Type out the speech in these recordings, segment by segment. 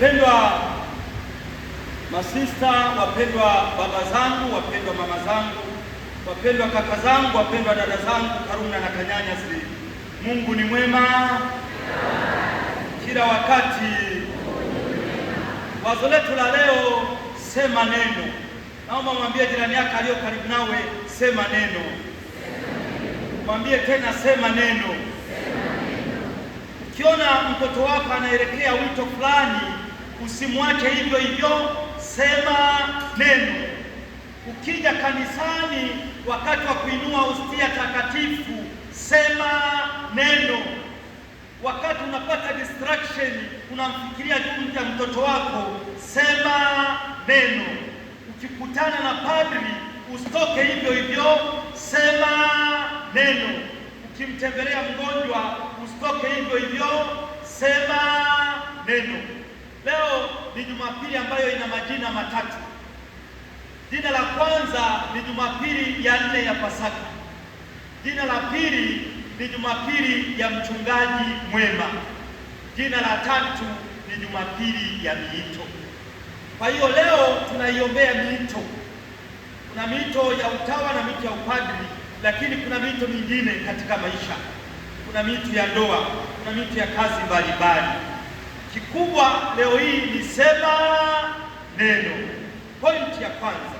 Wapendwa masista, wapendwa baba zangu, wapendwa mama zangu, wapendwa kaka zangu, wapendwa dada zangu, karuna na Kanyanya si Mungu ni mwema kila wakati. Wazo letu la leo, sema neno. Naomba mwambie jirani yako aliyo karibu nawe, sema neno. Mwambie tena, sema neno. Ukiona mtoto wako anaelekea wito fulani usimwache hivyo hivyo, sema neno. Ukija kanisani wakati wa kuinua hostia takatifu, sema neno. Wakati unapata distraction, unamfikiria juu ya mtoto wako, sema neno. Ukikutana na padri usitoke hivyo hivyo, sema neno. Ukimtembelea mgonjwa usitoke hivyo hivyo, sema neno. Leo ni Jumapili ambayo ina majina matatu. Jina la kwanza ni Jumapili ya nne ya Pasaka. Jina la pili ni Jumapili ya mchungaji mwema. Jina la tatu ni Jumapili ya miito. Kwa hiyo leo tunaiombea miito. Kuna miito ya utawa na miito ya upadri, lakini kuna miito mingine katika maisha. Kuna miito ya ndoa, kuna miito ya kazi mbalimbali. Kikubwa leo hii ni sema neno. Pointi ya kwanza,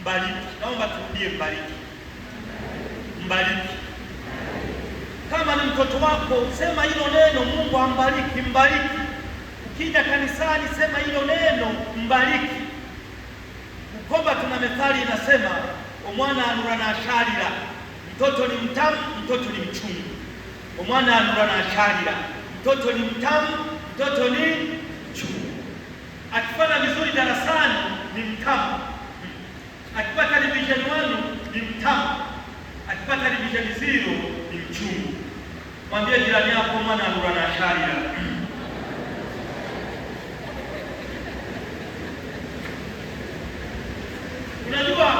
mbariki. Naomba turudie mbariki, mbariki. Kama ni mtoto wako, sema hilo neno, Mungu ambariki, mbariki. Ukija kanisani, sema hilo neno, mbariki. ukoba tuna methali inasema, omwana anura na asharira, mtoto ni mtamu, mtoto ni mchungu. Omwana anura na asharira Mtoto ni mtamu, mtoto ni chungu. Akifanya vizuri darasani ni mtamu, akipata divisheni wanu ni mtamu, akipata divisheni zero ni mchungu. Mwambie jirani yako mwana alura na sharia unajua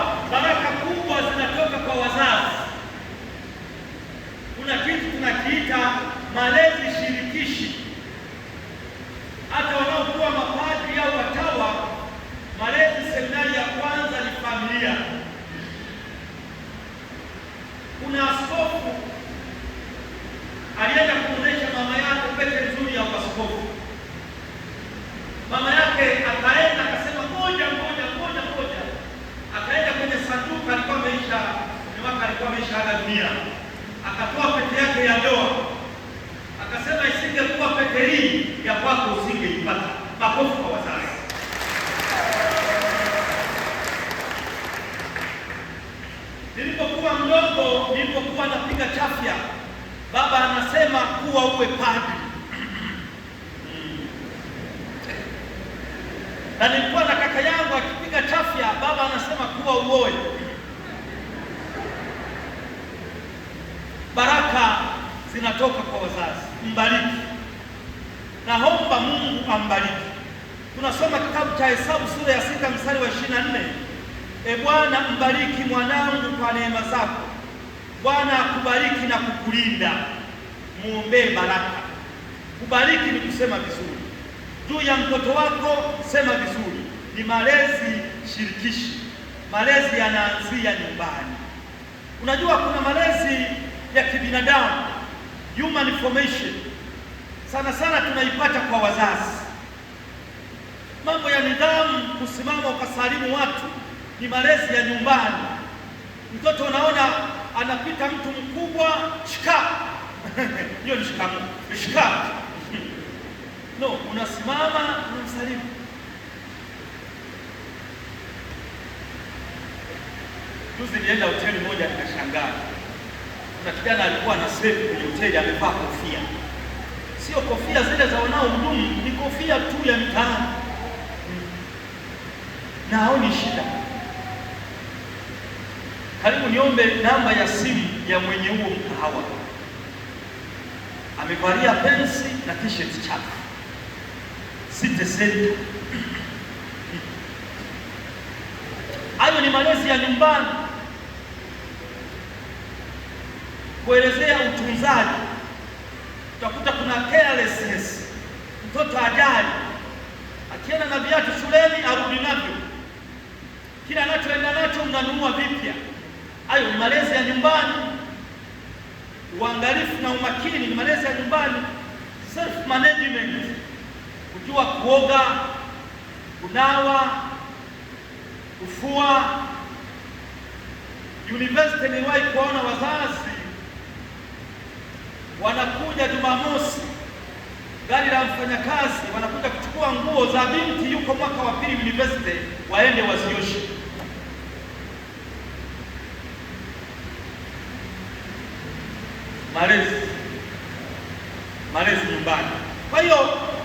Shafya, baba anasema kuwa uwe padri na nilikuwa na kaka yangu akipiga chafya, baba anasema kuwa uoe. Baraka zinatoka kwa wazazi. Mbariki, naomba Mungu ambariki. Tunasoma kitabu cha Hesabu sura ya sita mstari wa ishirini na nne. E Bwana, mbariki mwanangu kwa neema zako Bwana akubariki na kukulinda, muombee baraka. Kubariki ni kusema vizuri juu ya mtoto wako, sema vizuri. Ni malezi shirikishi, malezi yanaanzia nyumbani. Unajua kuna malezi ya kibinadamu human formation, sana sana tunaipata kwa wazazi. Mambo ya nidhamu, kusimama ukasalimu watu, ni malezi ya nyumbani. Mtoto unaona anapita mtu mkubwa shika hiyo ni shika shika no, unasimama unamsalimu. Juzi nienda hoteli moja nikashangaa, kuna kijana alikuwa na sefu kwenye hoteli, amevaa kofia, sio kofia zile za hudumu ni kofia tu ya mtaani, hmm. na haoni shida karibu niombe namba ya simu ya mwenye huo mkahawa. Amevalia pensi na t-shirt chafu. Site senta. Hayo ni malezi ya nyumbani, kuelezea utunzaji. Utakuta kuna carelessness, mtoto ajali, akienda na viatu shuleni arudi navyo, kila anachoenda nacho unanunua vipya hayo malezi ya nyumbani. Uangalifu na umakini ni malezi ya nyumbani, self management, kujua kuoga, kunawa, kufua. University niliwahi kuona wazazi wanakuja Jumamosi, gari la mfanyakazi, wanakuja kuchukua nguo za binti, yuko mwaka wa pili university, waende wazioshe malezi malezi nyumbani. Kwa hiyo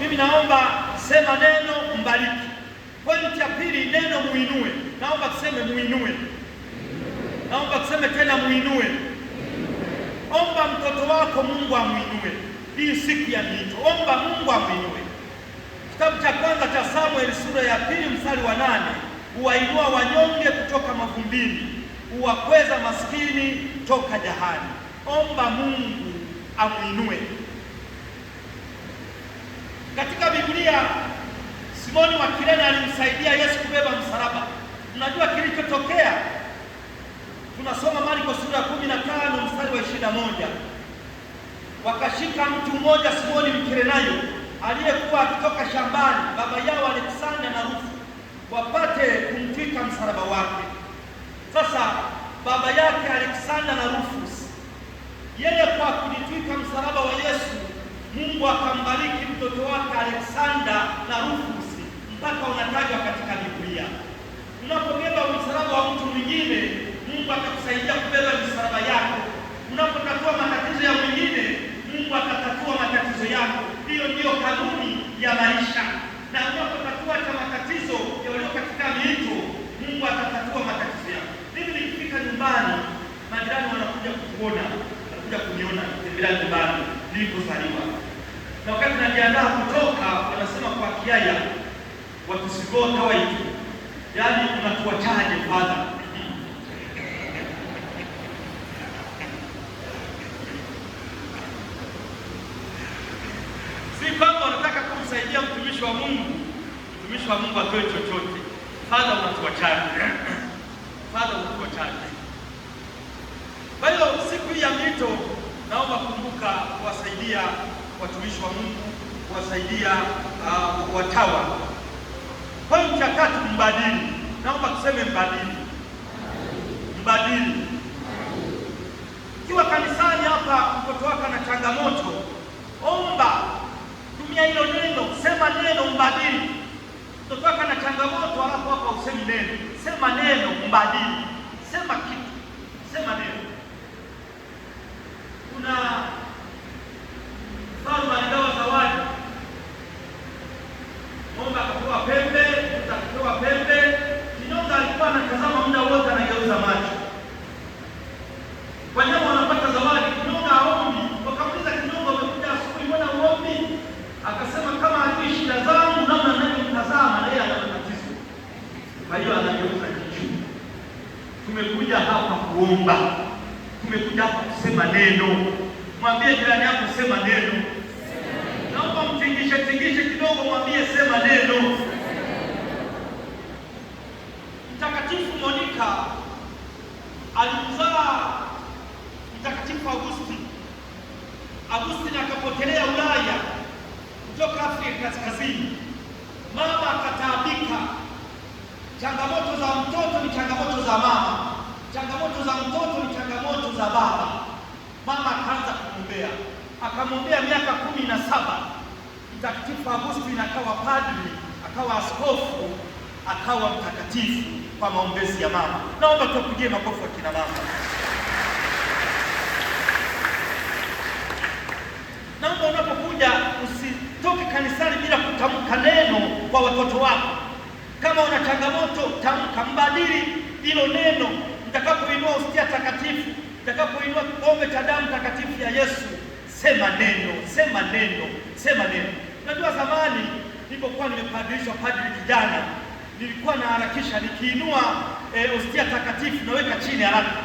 mimi naomba sema neno mbariki. Pointi ya pili, neno muinue. Naomba tuseme muinue, naomba tuseme tena muinue. Omba mtoto wako Mungu amuinue hii siku ya miito, omba Mungu amuinue. Kitabu cha kwanza cha Samueli sura ya pili mstari wa nane huwainua wanyonge kutoka mavumbini, huwakweza maskini toka jahani omba Mungu amuinue. Katika Biblia Simoni wa Kirene alimsaidia Yesu kubeba msalaba. Unajua kilichotokea? Tunasoma Marko sura ya 15 mstari wa 21. Wakashika mtu mmoja Simoni Mkirenayo aliyekuwa akitoka shambani, baba yao Aleksanda na rufu wapate kumtwika msalaba wake. Sasa baba yake Aleksanda na rufu yeye kwa kujitwika msalaba wa Yesu, Mungu akambariki mtoto wake Alexander na Rufus mpaka unatajwa katika Biblia. Unapobeba msalaba wa mtu mwingine, Mungu atakusaidia kubeba misalaba yako. Unapotatua matatizo ya mwingine, Mungu atatatua matatizo yako. Hiyo ndiyo kanuni ya maisha, na unapotatua cha matatizo walio katika mito, Mungu atatatua matatizo yako. Mimi nikifika nyumbani, majirani wanakuja kukuona bila nyumbani nilipozaliwa. Na wakati najiandaa kutoka, wanasema kwa Kiaya watusigoa yani yaani unatuwataje Fadha? Si kwamba wanataka kumsaidia mtumishi wa Mungu, mtumishi wa Mungu atoe chochote. Fadha, unatuwataje? Fadha kuwasaidia watumishi wa Mungu, kuwasaidia uh, watawa. Kwa ya mbadili. Naomba tuseme mbadili, mbadili. kiwa kanisani hapa, mtoto wako ana changamoto, omba, tumia hilo neno, sema neno mbadili. Mtoto wako ana changamoto, alafu hapa usemi neno, sema neno mbadili Thank you. mtakatifu kwa maombezi ya mama. Naomba tuwapigie makofi kina mama. Naomba unapokuja usitoke kanisani bila kutamka neno kwa watoto wako. Kama una changamoto, tamka, mbadili hilo neno. Mtakapoinua ustia takatifu, mtakapoinua kikombe cha damu takatifu ya Yesu, sema neno, sema neno, sema neno. Najua zamani nilipokuwa nimepadilishwa padri kijana nilikuwa naharakisha, nikiinua e, takatifu naweka chini haraka,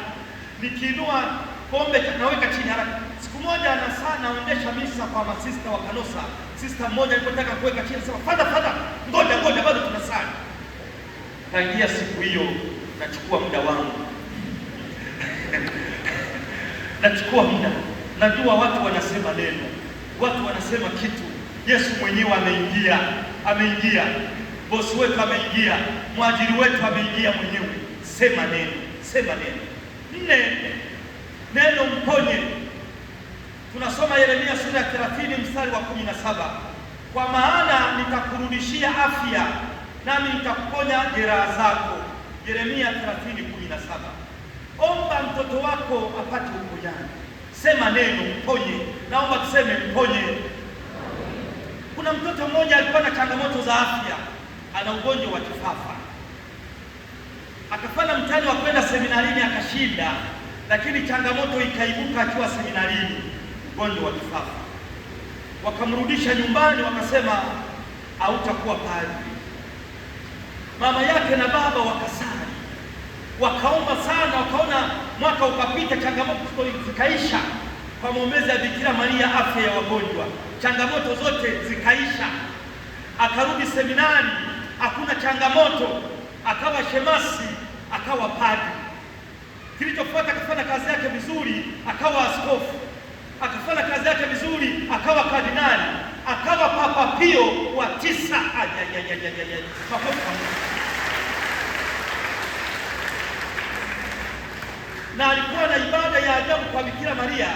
nikiinua pombe naweka chini haraka. Siku moja na saa naendesha misa kwa masista wa kanosa, sista mmoja alipotaka kuweka chini sema, fada fada, ngoja ngoja, bado tuna sana. Tangia siku hiyo nachukua muda wangu nachukua muda, najua watu wanasema neno, watu wanasema kitu. Yesu mwenyewe ameingia, ameingia bosi wetu ameingia, mwajiri wetu ameingia mwenyewe. Sema neno, sema neno. Nne, neno mponye. Tunasoma Yeremia sura ya 30 mstari wa 17, kwa maana nitakurudishia afya nami nitakuponya jeraha zako. Yeremia 30:17. Omba mtoto wako apate uponyaji. Sema neno mponye. Naomba tuseme mponye. Kuna mtoto mmoja alikuwa na changamoto za afya ana ugonjwa wa kifafa, akafanya mtihani wa kwenda seminarini akashinda, lakini changamoto ikaibuka akiwa seminarini, ugonjwa wa kifafa. Wakamrudisha nyumbani, wakasema hautakuwa padri. Mama yake na baba wakasali, wakaomba sana, wakaona mwaka ukapita, changamoto zikaisha. Kwa maombezi ya Bikira Maria, afya ya wagonjwa, changamoto zote zikaisha, akarudi seminari hakuna changamoto, akawa shemasi, akawa padri. Kilichofuata akafanya kazi yake vizuri, akawa askofu, akafanya kazi yake vizuri, akawa kardinali, akawa Papa Pio wa tisa. Na alikuwa na ibada ya ajabu kwa Bikira Maria,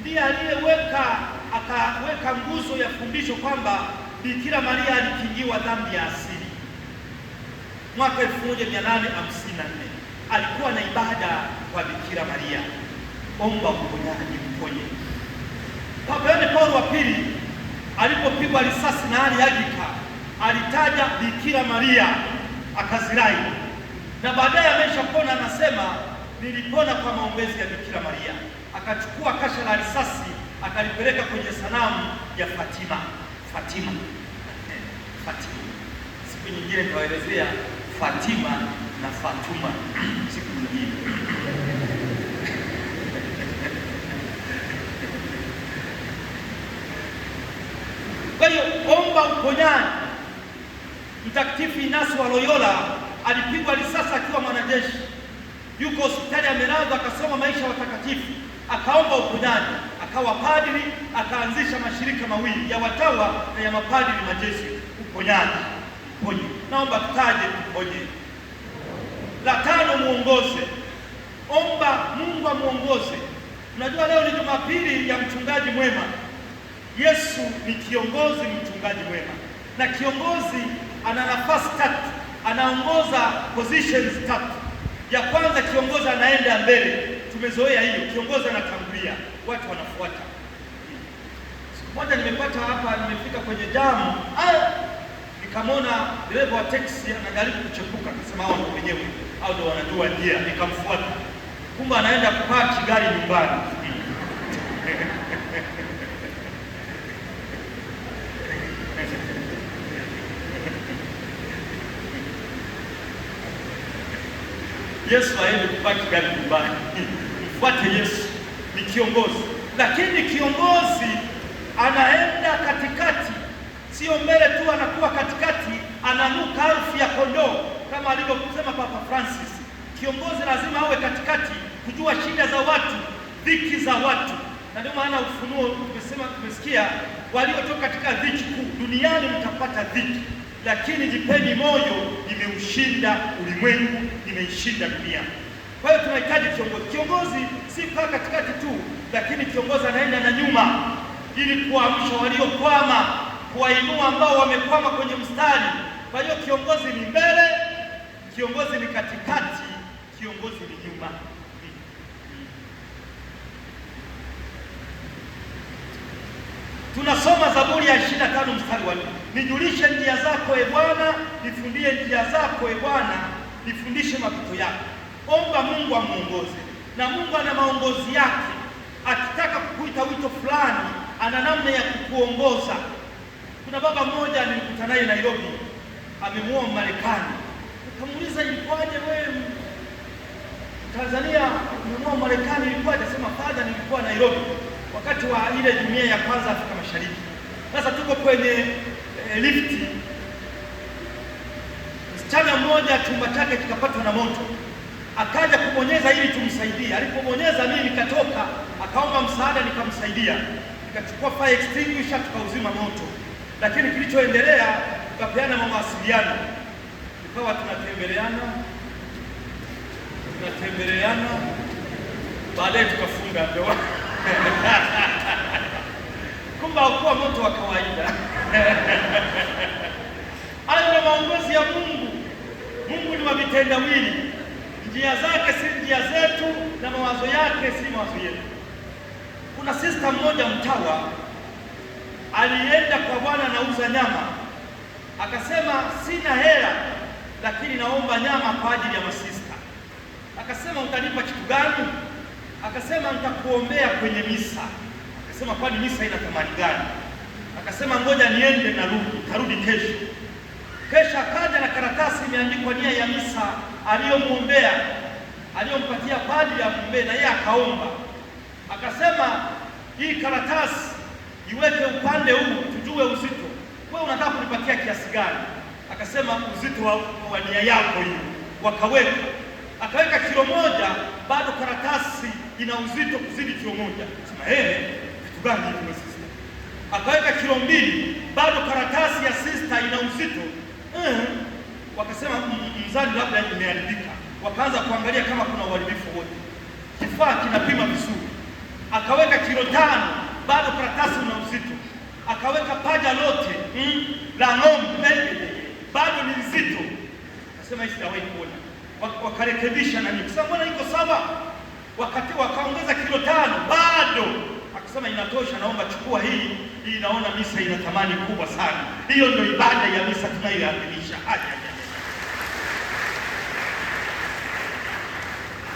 ndiye aliyeweka akaweka nguzo ya fundisho kwamba Bikira Maria alikingiwa dhambi ya asi mwaka 1854 alikuwa na ibada kwa Bikira Maria, omba uponyaji mponye. Papa Yohane Paulo wa pili alipopigwa risasi na aliagika, alitaja Bikira Maria akazirai, na baadaye ameshapona, anasema nilipona kwa maombezi ya Bikira Maria. Akachukua kasha la risasi akalipeleka kwenye sanamu ya Fatima. Fatima, Fatima, siku nyingine nitawaelezea Fatima na Fatuma siku nyingine kwa hiyo omba uponyaji. Mtakatifu inasi wa Loyola alipigwa risasi akiwa mwanajeshi, yuko hospitali amelazwa, akasoma maisha ya watakatifu, akaomba uponyaji, akawa padri, akaanzisha mashirika mawili ya watawa na ya mapadri majeshi. Uponyaji, uponye naomba taje mkoje. la tano, muongoze. Omba Mungu amuongoze. Unajua leo ni Jumapili ya mchungaji mwema. Yesu ni kiongozi, mchungaji mwema, na kiongozi ana nafasi tatu, anaongoza positions tatu. Ya kwanza, kiongozi anaenda mbele. Tumezoea hiyo, kiongozi anatangulia, watu wanafuata. Siku moja nimepata hapa, nimefika kwenye jamu ah! nikamwona dereva wa teksi anajaribu kuchepuka, akasema hao ndio wenyewe au ndio wanajua njia, nikamfuata. Kumbe anaenda kupaki gari nyumbani Yesu aende kupaki gari nyumbani. Mfuate Yesu, ni kiongozi, lakini kiongozi anaenda katikati sio mbele tu, anakuwa katikati, ananuka harufu ya kondoo, kama alivyosema Papa Francis. Kiongozi lazima awe katikati, kujua shida za watu, dhiki za watu, na ndio maana Ufunuo tumesema, tumesikia waliotoka katika dhiki kuu, duniani mtapata dhiki, lakini jipeni moyo, nimeushinda ulimwengu, nimeishinda dunia. Kwa hiyo tunahitaji kiongozi. Kiongozi si kaa katikati tu, lakini kiongozi anaenda na nyuma, ili kuamsha waliokwama kuwainua ambao wamekwama kwenye mstari. Kwa hiyo kiongozi ni mbele, kiongozi ni katikati, kiongozi ni nyuma. Tunasoma Zaburi ya 25 mstari wa 4. nijulishe njia zako e Bwana, nifundie njia zako e Bwana, nifundishe mapito yako. Omba Mungu amuongoze, na Mungu ana maongozi yake. Akitaka kukuita wito fulani, ana namna ya kukuongoza. Kuna baba mmoja nilikuta naye Nairobi, amemuoa Marekani. Nikamuuliza, ilikuwaje wewe Tanzania umemuoa Marekani, ilikuwaje? Sema fadha, nilikuwa Nairobi wakati wa ile jumuiya ya kwanza Afrika Mashariki. Sasa tuko kwenye eh, lifti, msichana mmoja chumba chake kikapatwa na moto akaja kubonyeza ili tumsaidie. Alipobonyeza mimi nikatoka, akaomba msaada, nikamsaidia, nikachukua fire extinguisher, tukauzima moto. Lakini kilichoendelea tukapeana mawasiliano, tukawa tunatembeleana tunatembeleana, baadaye tukafunga ndoa kumbe hakuwa moto wa kawaida Hayo maongozi ya Mungu. Mungu ni wa vitendawili, njia zake si njia zetu na mawazo yake si mawazo yetu. Kuna sista mmoja mtawa alienda kwa bwana anauza nyama, akasema sina hela, lakini naomba nyama kwa ajili ya masista. Akasema utanipa kitu gani? Akasema nitakuombea kwenye misa. Akasema kwani misa ina thamani gani? Akasema ngoja niende rudi, tarudi kesho. Kesho akaja na karatasi imeandikwa nia ya misa aliyomwombea, aliyompatia padri amwombee, na yeye akaomba. Akasema hii karatasi iweke upande huu tujue uzito. Wewe unataka kunipatia kiasi gani? Akasema uzito wa, wa nia yako hiyo. Wakaweka, akaweka kilo moja, bado karatasi ina uzito kuzidi kilo moja. Sema eh, vitu gani hivi Akaweka kilo mbili, bado karatasi ya sista ina uzito eh, mm. Wakasema mm, mm, mzani labda imeharibika, wakaanza kuangalia kama kuna uharibifu wote. Kifaa kinapima vizuri, akaweka kilo tano bado karatasi una uzito, akaweka paja lote mm, la ng'ombe bado ni nzito, akasema hii sijawahi kuona. Wakarekebisha nani, akasema mbona iko saba, wakati wakaongeza kilo tano bado, akasema inatosha, naomba chukua hii hii, naona misa ina thamani kubwa sana. Hiyo ndio ibada ya misa tunayoadhimisha haja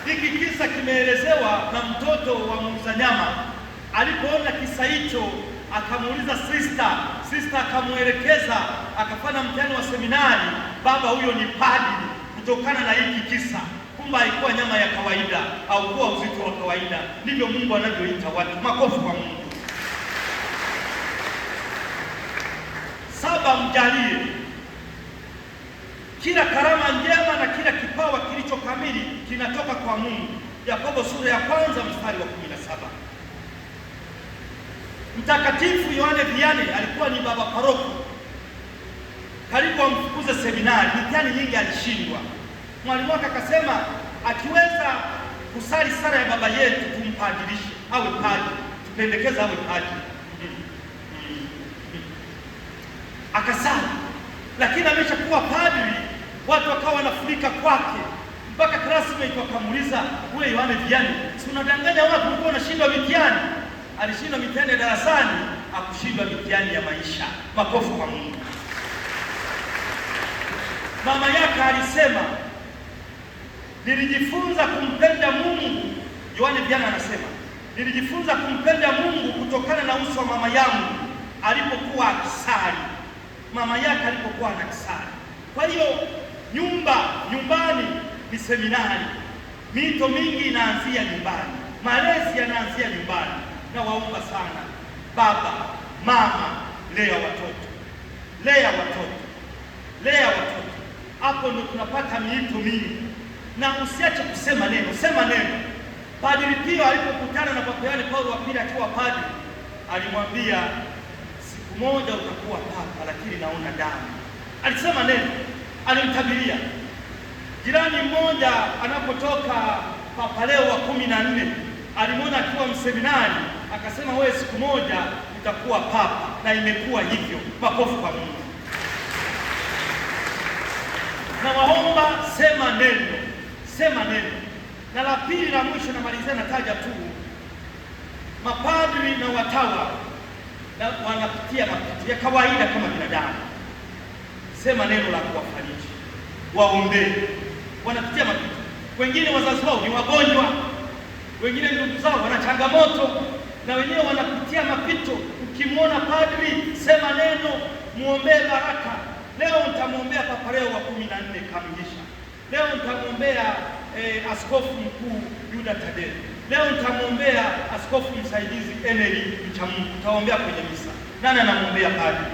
Hiki kisa kimeelezewa na mtoto wa muuza nyama Alipoona kisa hicho, akamuuliza sister, sister akamwelekeza, akafanya mtihani wa seminari, baba huyo ni padri kutokana na hiki kisa. Kumbe haikuwa nyama ya kawaida, haukuwa uzito wa kawaida. Ndivyo Mungu anavyoita watu. Makofi kwa Mungu. Saba, mjalie kila karama njema na kila kipawa kilicho kamili kinatoka kwa Mungu. Yakobo sura ya kwanza mstari wa kumi na saba. Mtakatifu Yohane Vianney alikuwa ni baba paroko, karibu amfukuze seminari. Mitihani nyingi alishindwa. Mwalimu wake akasema akiweza kusali sala ya baba yetu tumpadilishe awe padri, tupendekeze awe padri. Akasali, lakini ameshakuwa padri, watu wakawa wanafurika kwake mpaka classmate wakamuuliza, wewe Yohane Vianney, si unadanganya watu, ulikuwa unashindwa mitihani alishindwa mitihani darasani, akushindwa mitihani ya maisha. makofu kwa Mungu. Mama yake alisema nilijifunza kumpenda Mungu. Yohane Viana anasema nilijifunza kumpenda Mungu kutokana na uso wa mama yangu alipokuwa akisali, mama yake alipokuwa anakisali. Kwa hiyo nyumba, nyumbani ni seminari. Mito mingi inaanzia nyumbani, malezi yanaanzia nyumbani. Nawaomba sana baba, mama, lea watoto, lea watoto, lea watoto. Hapo ndio tunapata miito mingi, na usiache kusema neno, sema neno. Padri Pio alipokutana na Papa Yohane Paulo wa Pili akiwa padri, alimwambia siku moja utakuwa papa, lakini naona damu. Alisema neno, alimtabiria jirani mmoja anapotoka Papa Leo wa kumi na nne alimwona akiwa mseminari akasema wewe siku moja utakuwa papa, na imekuwa hivyo. Makofu kwa Mungu. Na waomba sema neno, sema neno. Na la pili la mwisho namalizia, nataja tu mapadri na watawa na wanapitia mapito ya kawaida kama binadamu. Sema neno la kuwafariji, waombee. Wanapitia mapito, wengine wazazi wao ni wagonjwa, wengine ndugu zao wana changamoto na wenyewe wanapitia mapito. Ukimwona padri, sema neno, muombee baraka. Leo mtamwombea Papa Leo wa kumi na nne kamilisha. Leo mtamwombea eh, askofu mkuu Yuda Tadei. Leo mtamwombea askofu msaidizi Eneli Mchamungu, mtaombea kwenye misa. Nani anamwombea padri?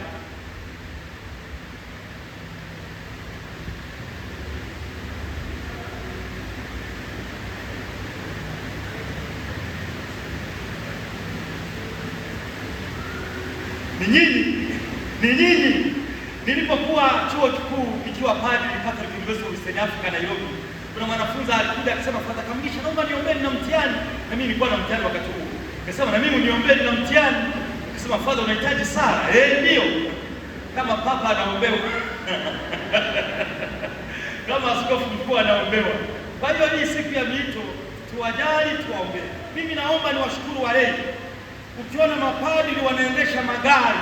Afrika Nairobi, kuna mwanafunzi alikuja akasema, Fadha Kamugisha, naomba niombee na mtihani. Na mimi nilikuwa na mtihani wakati huo, akasema na mimi niombee na mtihani. Akasema, Fadha, unahitaji sala? Eh, ndio kama papa anaombewa kama askofu mkuu anaombewa. Kwa hiyo hii siku ya miito tuwajali, tuwaombee. Mimi naomba niwashukuru walei, ukiona mapadri wanaendesha magari,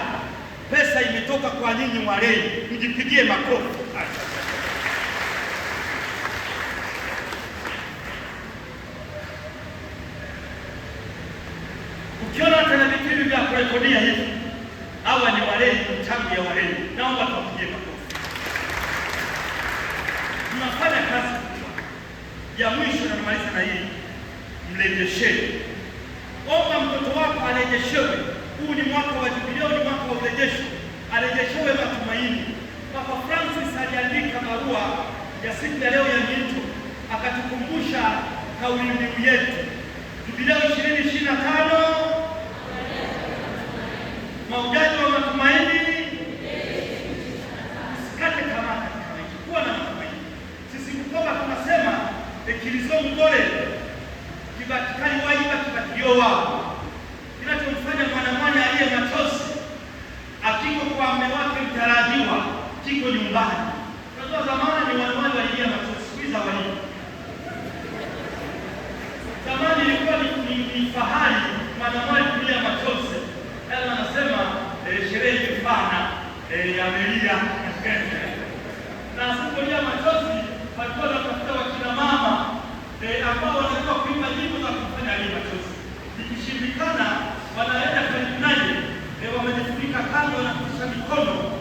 pesa imetoka kwa nyinyi walei, mjipigie makofi. mrejesheni. Omba mtoto wako arejeshewe. Huu ni mwaka wa jubileo, ni mwaka wa urejesho, arejeshewe matumaini. Papa Francis aliandika barua ya siku ya leo ya miito, akatukumbusha kauli mbiu yetu jubileo ishirini ishirini na tano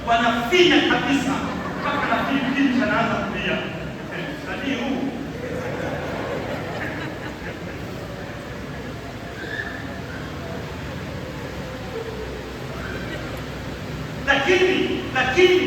wanafinya kabisa mpaka na kiti chanaanza kulia nanii huu lakini lakini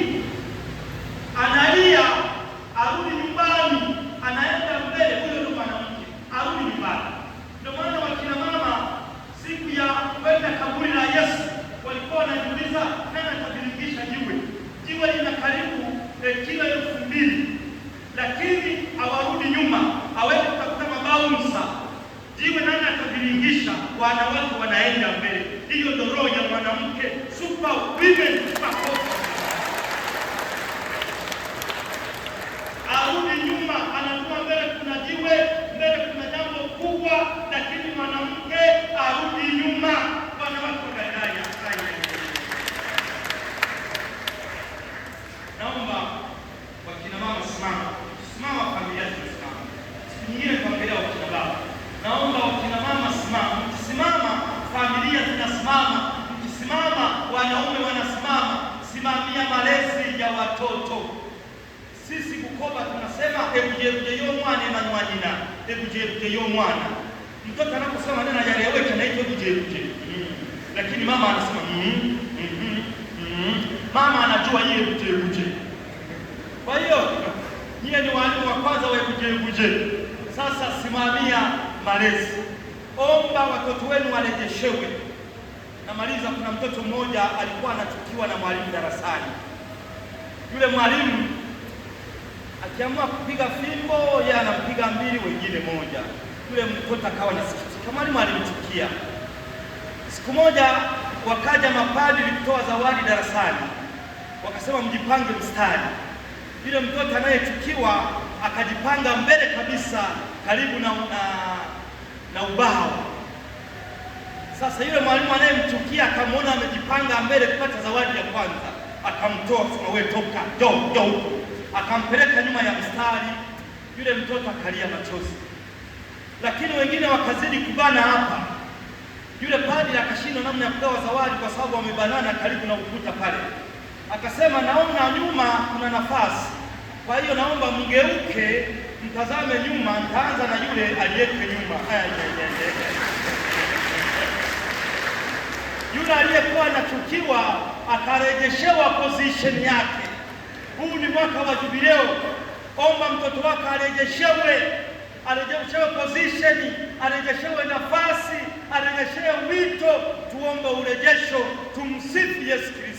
mwana. Mtoto anaposema maneno hayaeleweki anaitwa jeuje. Lakini mama anasema mm, mm, mm. Mama anajua yeye kujeuje. Kwa hiyo yeye ni walimu wa kwanza wa kujeuje. Sasa simamia malezi. Omba watoto wenu warejeshewe. Namaliza, kuna mtoto mmoja alikuwa anachukiwa na mwalimu darasani. Yule mwalimu akiamua kupiga fimbo, yeye anampiga mbili, wengine moja yule mtoto akawa anasikitika. Mwalimu alimtikia. Siku moja wakaja mapadri kutoa zawadi darasani, wakasema mjipange mstari. Yule mtoto anayechukiwa akajipanga mbele kabisa, karibu na, na, na ubao. Sasa yule mwalimu anayemchukia akamwona amejipanga mbele kupata zawadi ya kwanza, akamtoa sema, wewe toka, njoo njoo akampeleka nyuma ya mstari. Yule mtoto akalia machozi lakini wengine wakazidi kubana hapa. Yule padri akashindwa namna ya kugawa zawadi kwa sababu wamebanana karibu na ukuta pale. Akasema, naona nyuma kuna nafasi, kwa hiyo naomba mgeuke mtazame nyuma, nitaanza na yule aliyeko nyuma. Yule aliyekuwa anachukiwa akarejeshewa position yake. Huu ni mwaka wa jubileo, omba mtoto wako arejeshewe arejeshewe position, arejeshewe nafasi, arejeshewe wito. Tuombe urejesho, tumsifu Yesu Kristo.